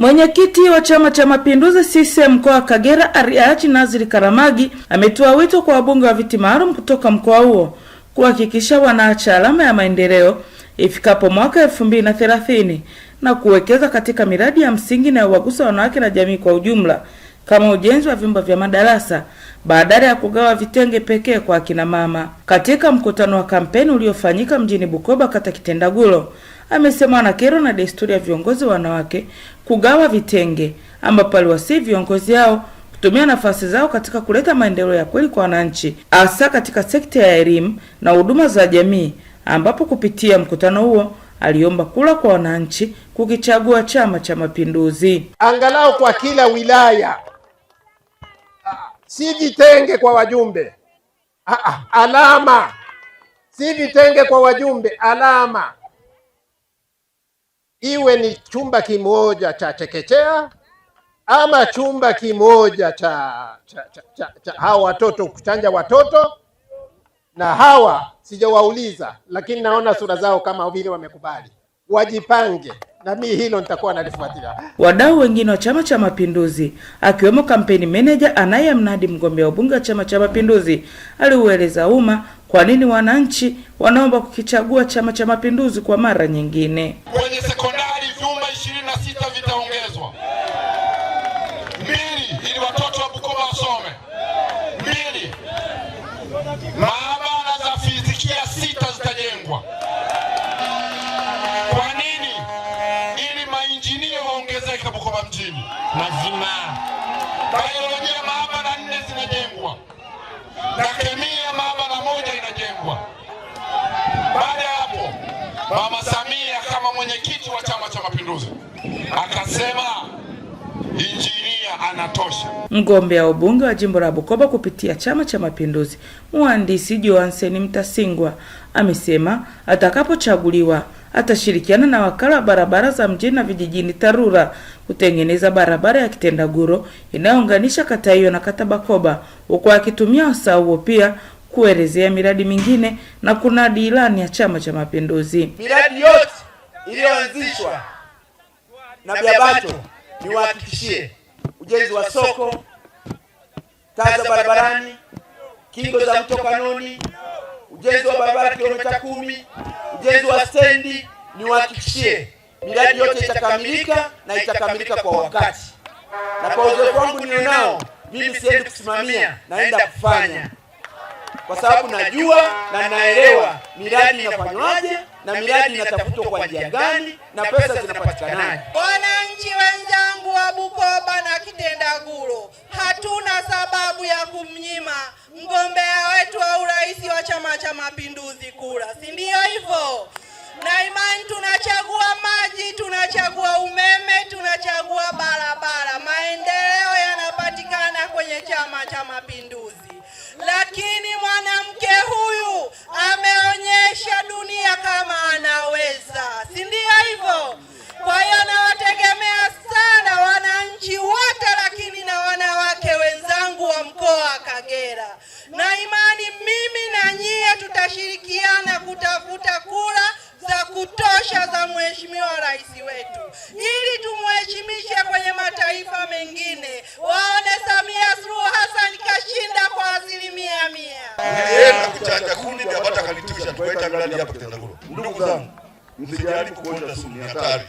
Mwenyekiti wa Chama cha Mapinduzi CCM mkoa wa Kagera Ariachi Naziri Karamagi ametoa wito kwa wabunge wa viti maalum kutoka mkoa huo kuhakikisha wanaacha alama ya maendeleo ifikapo mwaka elfu mbili na thelathini na kuwekeza katika miradi ya msingi inayowagusa wanawake na jamii kwa ujumla kama ujenzi wa vyumba vya madarasa badala ya kugawa vitenge pekee kwa akina mama. Katika mkutano wa kampeni uliofanyika mjini Bukoba, kata Kitendagulo, amesema kero na desturi ya viongozi wanawake kugawa vitenge, ambapo aliwasihi viongozi hao kutumia nafasi zao katika kuleta maendeleo ya kweli kwa wananchi, hasa katika sekta ya elimu na huduma za jamii, ambapo kupitia mkutano huo aliomba kula kwa wananchi kukichagua Chama cha Mapinduzi angalau kwa kila wilaya, si vitenge kwa wajumbe. Aa, ah, ah, alama si vitenge kwa wajumbe, alama iwe ni chumba kimoja cha chekechea ama chumba kimoja cha, cha, cha, cha, cha hawa watoto kuchanja watoto. Na hawa sijawauliza, lakini naona sura zao kama vile wamekubali, wajipange na mimi hilo nitakuwa nalifuatilia. Wadau wengine wa Chama cha Mapinduzi akiwemo kampeni meneja anayemnadi mgombea ubunge wa Chama cha Mapinduzi aliueleza umma kwa nini wananchi wanaomba kukichagua Chama cha Mapinduzi kwa mara nyingine kwenye sekondari Mama Samia kama mwenyekiti wa Chama cha Mapinduzi akasema injinia anatosha. Mgombea wa ubunge wa jimbo la Bukoba kupitia Chama cha Mapinduzi, mhandisi Johansen Mtasingwa amesema atakapochaguliwa atashirikiana na wakala wa barabara za mjini na vijijini TARURA kutengeneza barabara ya Kitendaguro inayounganisha kata hiyo na kata Bakoba, huku akitumia wasaa huo pia kuelezea miradi mingine na kunadi ilani ya Chama cha Mapinduzi. Miradi yote iliyoanzishwa na Biabato, niwahakikishie ujenzi wa soko, taa za barabarani, kingo za mto Kanoni, ujenzi wa barabara kilomita kumi, ujenzi wa stendi, niwahakikishie miradi yote itakamilika na itakamilika kwa wakati, na kwa uzoefu wangu nilionao, mimi siendi kusimamia, naenda kufanya kwa sababu najua na naelewa miradi inafanywaje na miradi inatafutwa kwa njia gani na pesa zinapatikanaje. Wananchi wenzangu wa Bukoba na Kitendagulo, hatuna sababu ya kumnyima mgombea wetu wa urais wa Chama cha Mapinduzi kura, si ndio hivyo? na imani tunachagua maji, tunachagua umeme, tunachagua barabara. Maendeleo yanapatikana kwenye Chama cha Mapinduzi, lakini tosha za mheshimiwa rais wetu, ili tumheshimishe kwenye mataifa mengine, waone Samia Suluhu Hassan kashinda kwa asilimia mia. Tulienda kuchanja kundi vya bata kalitusha, tukaita miradi hapa Kitandaguru. Ndugu zangu, msijaribu kuonja sumu hatari.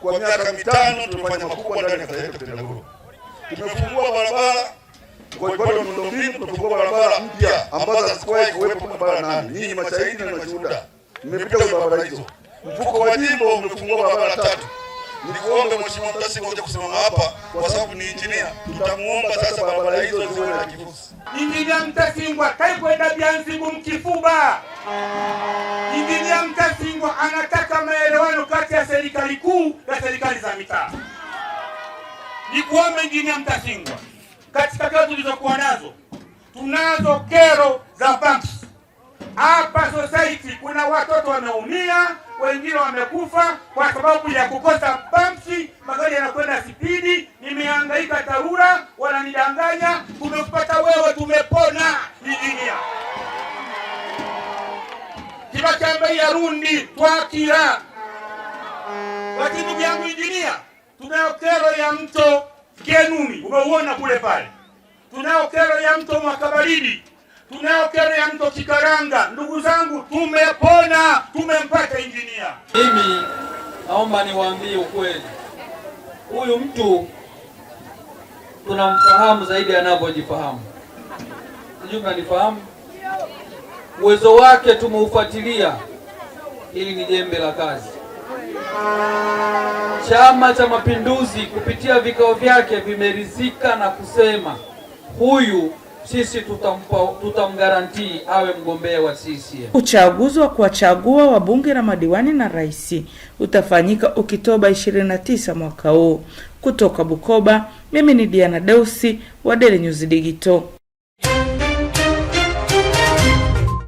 Kwa miaka mitano tumefanya makubwa ndani ya kata yetu Kitandaguru, tumefungua barabara kwa miundombinu tumefungua barabara mpya ambazo hazikuwahi kuwepo barabara nani. Nyinyi mashahidi na mashuhuda nimepita kwa barabara hizo, mfuko wa jimbo umefungua barabara tatu. Nikuombe mheshimiwa Mtasingwa kuja kusimama hapa, kwa sababu ni injinia. Tutamuomba sasa barabara hizo ziwe na kifusi. Injinia Mtasingwa kaikwenda byanzigu mkifuba. Injinia Mtasingwa anataka maelewano kati ya serikali kuu na serikali za mitaa. Nikuombe injinia Mtasingwa, katika kazi tulizokuwa nazo, tunazo kero za banks hapa society kuna watoto wameumia, wengine wamekufa kwa sababu ya kukosa pamsi, magari yanakwenda spidi. Nimehangaika TARURA, wananidanganya. Tumekupata wewe, tumepona ijinia ya rundi twakira lakini vyangu injinia, tunayo kero ya mto Kenuni, umeuona kule pale, tunayo kero ya mto Mwakabaridi tunayo kero ya mto Kikaranga. Ndugu zangu, tumepona, tumempata injinia. Mimi naomba niwaambie ukweli, huyu mtu tunamfahamu zaidi anavyojifahamu. Sijui mnanifahamu. Uwezo wake tumeufuatilia, ili ni jembe la kazi. Chama cha Mapinduzi kupitia vikao vyake vimeridhika na kusema huyu sisi tutampa tutamgarantii awe mgombea wa sisi. Uchaguzi wa kuwachagua wabunge na madiwani na rais utafanyika Oktoba 29 mwaka huu. Kutoka Bukoba, mimi ni Diana Deusi wa Daily News Digital.